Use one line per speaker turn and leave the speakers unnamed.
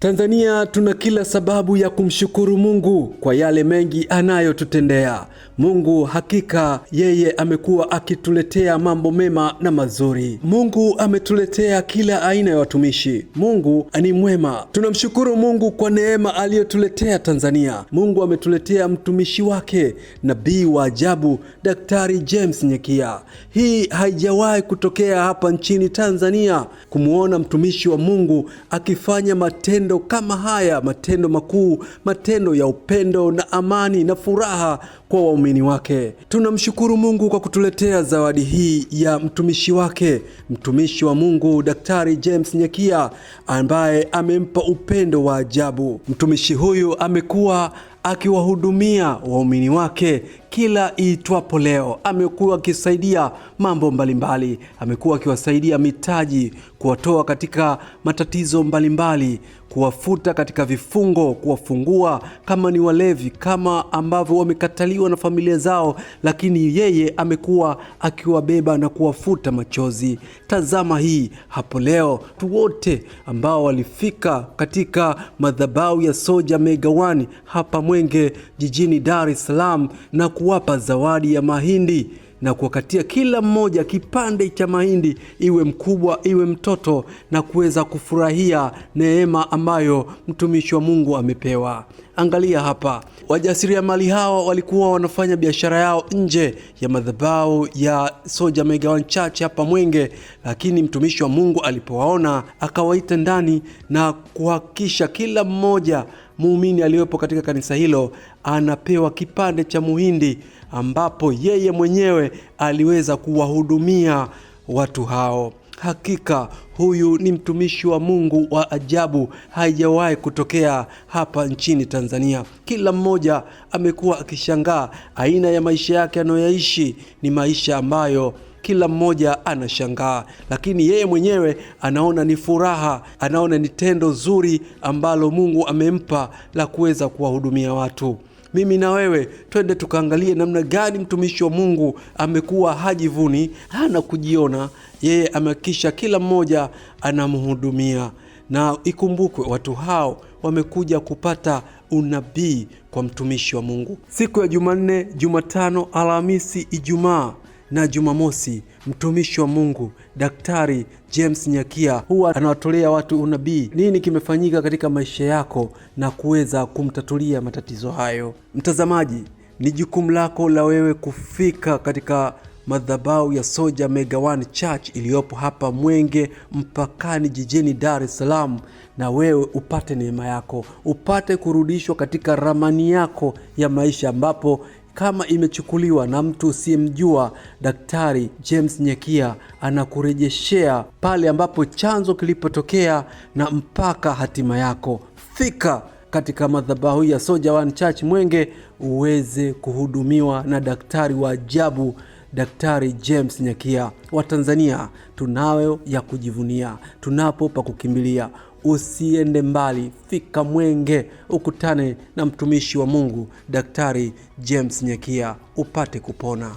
Tanzania tuna kila sababu ya kumshukuru Mungu kwa yale mengi anayotutendea. Mungu hakika yeye amekuwa akituletea mambo mema na mazuri. Mungu ametuletea kila aina ya watumishi. Mungu ni mwema. Tunamshukuru Mungu kwa neema aliyotuletea Tanzania. Mungu ametuletea mtumishi wake, nabii wa ajabu, Daktari James Nyekia. Hii haijawahi kutokea hapa nchini Tanzania, kumwona mtumishi wa Mungu akifanya matendo matendo kama haya, matendo makuu, matendo ya upendo na amani na furaha kwa waumini wake. Tunamshukuru Mungu kwa kutuletea zawadi hii ya mtumishi wake, mtumishi wa Mungu Daktari James Nyakia ambaye amempa upendo wa ajabu. Mtumishi huyu amekuwa akiwahudumia waumini wake kila iitwapo leo. Amekuwa akisaidia mambo mbalimbali, amekuwa akiwasaidia mitaji, kuwatoa katika matatizo mbalimbali, kuwafuta katika vifungo, kuwafungua kama ni walevi, kama ambavyo wamekataliwa na familia zao, lakini yeye amekuwa akiwabeba na kuwafuta machozi. Tazama hii hapo leo, watu wote ambao walifika katika madhabahu ya Soja Megawani hapa Mwenge jijini Dar es Salaam na kuwapa zawadi ya mahindi na kuwakatia kila mmoja kipande cha mahindi, iwe mkubwa iwe mtoto, na kuweza kufurahia neema ambayo mtumishi wa Mungu amepewa. Angalia hapa, wajasiriamali hawa walikuwa wanafanya biashara yao nje ya madhabahu ya Soja Megawan Church hapa Mwenge, lakini mtumishi wa Mungu alipowaona akawaita ndani na kuhakikisha kila mmoja muumini aliyepo katika kanisa hilo anapewa kipande cha muhindi, ambapo yeye mwenyewe aliweza kuwahudumia watu hao. Hakika huyu ni mtumishi wa Mungu wa ajabu, haijawahi kutokea hapa nchini Tanzania. Kila mmoja amekuwa akishangaa aina ya maisha yake anayoyaishi, ni maisha ambayo kila mmoja anashangaa, lakini yeye mwenyewe anaona ni furaha, anaona ni tendo zuri ambalo Mungu amempa la kuweza kuwahudumia watu mimi na wewe twende tukaangalie namna gani mtumishi wa Mungu amekuwa hajivuni, hana kujiona, yeye amehakikisha kila mmoja anamhudumia. Na ikumbukwe watu hao wamekuja kupata unabii kwa mtumishi wa Mungu siku ya Jumanne, Jumatano, Alhamisi, Ijumaa na Jumamosi, mtumishi wa Mungu Daktari James Nyakia huwa anawatolea watu unabii, nini kimefanyika katika maisha yako na kuweza kumtatulia matatizo hayo. Mtazamaji, ni jukumu lako la wewe kufika katika madhabahu ya Soja Mega One Church iliyopo hapa Mwenge mpakani jijini Dar es Salaam, na wewe upate neema yako, upate kurudishwa katika ramani yako ya maisha, ambapo kama imechukuliwa na mtu usiyemjua, Daktari James Nyekia anakurejeshea pale ambapo chanzo kilipotokea na mpaka hatima yako. Fika katika madhabahu ya Soldier One Church Mwenge uweze kuhudumiwa na daktari wa ajabu Daktari James Nyakia. wa tanzania tunayo ya kujivunia, tunapo pa kukimbilia. Usiende mbali, fika Mwenge ukutane na mtumishi wa Mungu Daktari James Nyakia upate kupona.